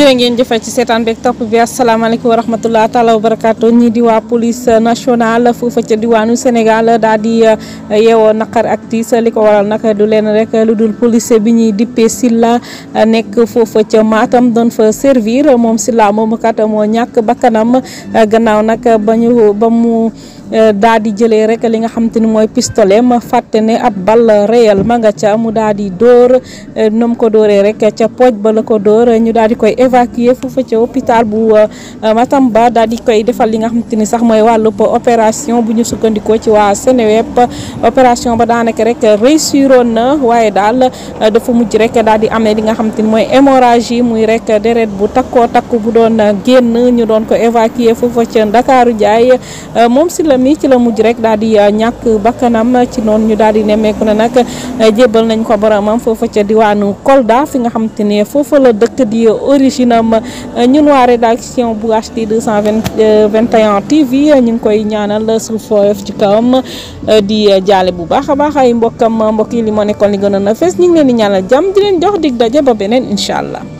jërë ngeen jëfe ci seetaan beeg topp bi asalaamaaleykum wa rahmatulah taala wa barakaatu ñii di waa police nationale foofa ca diwaanu Sénégal daal di eh, yeewoo naqar ak tiis li waral nag du leen rek lu dul police bi ñuy dippee Silla nekk foofa ca Matam doon fa servir moom Silla moom kat moo ñàkk bakkanam gannaaw nag ba ñu ba mu. Eh, daa di jëlee rek li nga xam te mooy pistolet ma fàtte ne ab bal réel ma nga ca mu daa di dóor eh, nom ko dóoree rek ca pooj ba la ko dóor ñu daal di koy évacuer foofa ca hôpital bu eh, Matamba daal di koy defal li nga xam ni sax mooy wàllub opération bu ñu sukkandikoo ci waa Seneweb opération ba daanaka rek réussiroon na waaye daal dafa mujj rek daal di amee li nga xam te ni mooy hémorragie muy rek deret bu takkoo takku bu doon génn ñu doon ko évacuer foofa ni ci la mujj rek daal di euh, ñàkk bakkanam ci noonu ñu daal di nemmeeku na nag euh, jébbal nañ ko boromam foofa ca diwaanu Kolda fi nga xam ne foofa la dëkk di origine am euh, ñun waa rédaction bu HD 221 TV ñu ngi koy ñaanal suuf fooyof ci kawam di jaale bu baax a baax ay mbokkam mbokk yi li moo nekkoon li gënoon a fees ñu ngeen di ñaanal jàmm di leen jox dig daje ba beneen incha allah.